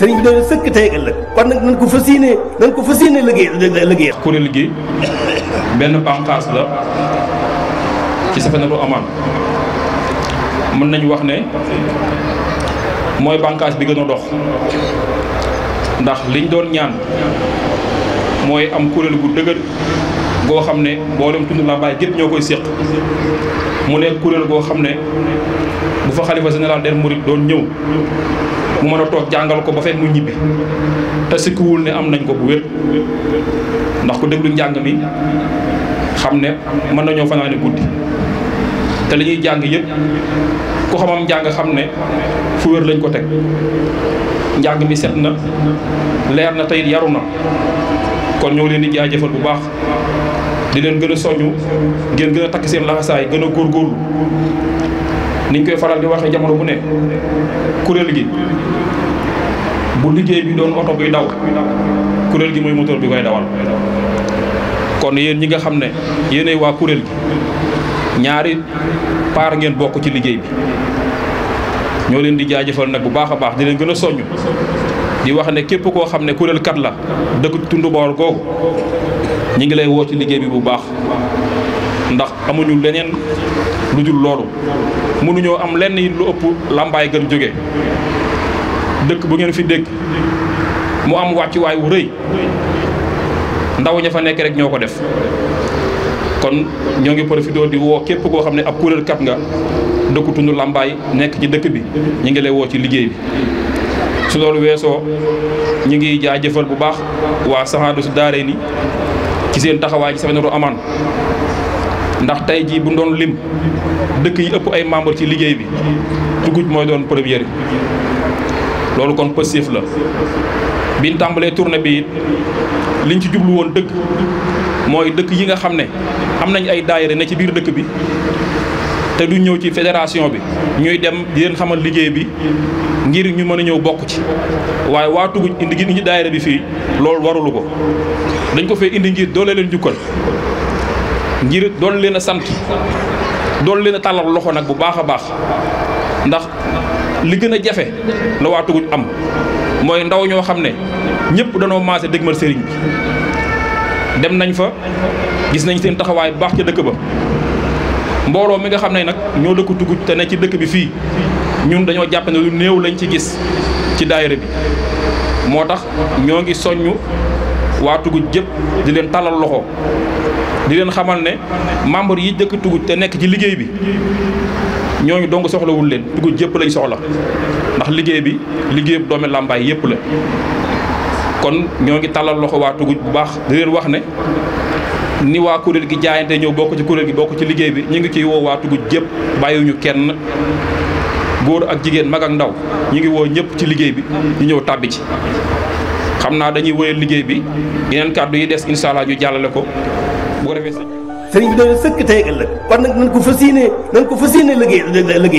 sëriñ bi dañoo sëkk tey ëllëg kon nag nañ ko fas yéene nañ ko fas yéene liggéey liggéey. kuréel gi benn bànqaas la ci Safinatoul Aman mën nañu wax ne mooy banqaas bi gën a dox ndax liñ doon ñaan mooy am kuréel gu dëgër goo xam ne mboolem tund la bàyyi gépp ñoo koy séq mu nekk kuréel goo xam ne bu fa xalifa général der Mouride doon ñëw. mu mën a toog jàngal ko ba fekk mu ñibbi te ne am nañ ko bu wér ndax ku déglu njàng mi xam ne mën nañoo fanaane guddi te lañuy jàng yëpp ku xamam njàng xam ne fu wér lañ ko teg njàng mi set na leer na tey yaru na kon ñoo leen di jëfal bu baax di leen gën a soññu ngeen gën a takk seen laxasaay gën a góorgóorlu niñ koy faral di waxe jamono bu ne kuréel gi bu liggéey bi doon oto buy daw kuréel gi mooy motoor bi koy dawal kon yéen ñi nga xam ne yéenay waa kuréel gi ñaari paar ngeen bokk ci liggéey bi ñoo leen di jaajëfal nag bu baax a baax di leen gën a soññ di wax ne képp koo xam ne kuréel kat la dëkk tund boor googu ñi ngi lay woo ci liggéey bi bu baax ndax amuñu leneen lu dul loolu mënuñoo am lenn lu ëpp làmbaay gën jóge dëkk bu ngeen fi dégg mu am wàccuwaay wu rëy ndaw ña fa nekk rek ñoo ko def kon ñoo ngi profité di woo képp koo xam ne ab kuréel kat nga dëkku tund làmbaay nekk ci dëkk bi ñu ngi lay woo ci liggéey bi su loolu weesoo ñu ngi jaajëfal bu baax waa saxaadu su daaree ni ci seen taxawaay ci Safinatoul Amaan ndax tey jii bu doon lim dëkk yi ëpp ay membre ci liggéey bi Tuguj mooy doon première loolu kon positif la biñ tàmbalee tournée bi it liñ ci jublu woon dëkk mooy dëkk yi nga xam ne am nañ ay daayira ne ci biir dëkk bi te du ñëw ci fédération bi ñuy dem di leen xamal liggéey bi ngir ñu mën a ñëw bokk ci waaye waa Tuguj indi gi ñu daayira bi fii loolu warulu ko dañ ko fee indi ngir doole leen jukkal ngir doon leen a sant doon leen a tàllal loxo nag bu baax a baax ndax li gën a jafe la waa Tuguñ am mooy ndaw ñoo xam ne ñëpp danoo maase dégmal sëriñ bi dem nañ fa gis nañ seen taxawaay bu baax ca dëkk ba mbooloo mi nga xam ne nag ñoo dëkk Tuguñ te ne ci dëkk bi fii ñun dañoo jàpp ne lu néew lañ ci gis ci daayira bi moo tax ñoo ngi soññu waa Tuguj jëpp di leen tàllal loxo di leen xamal ne membre yi dëkk Tuguj te nekk ci liggéey bi ñooñu dong soxlawul leen Tuguj jëpp lañ soxla ndax liggéey bi liggéey bu doomi làmbaay yëpp la kon ñoo ngi tàllal loxo waa Tuguj bu baax di leen wax ne ni waa kuréel gi jaayante ñëw bokk ci kuréel gi bokk ci liggéey bi ñu ngi ciy woo waa Tuguj jëpp ñu kenn góor ak jigéen mag ak ndaw ñu ngi woo ñëpp ci liggéey bi ñu ñëw tàbbi ci xam naa dañuy wëyal liggéey bi yeneen kàddu yi des incha allah ñu jàllale ko bu ko defee sëriñ bi dana sëkk tey ëllëg kon nag nañ ko fas yéene nañ ko fas yéene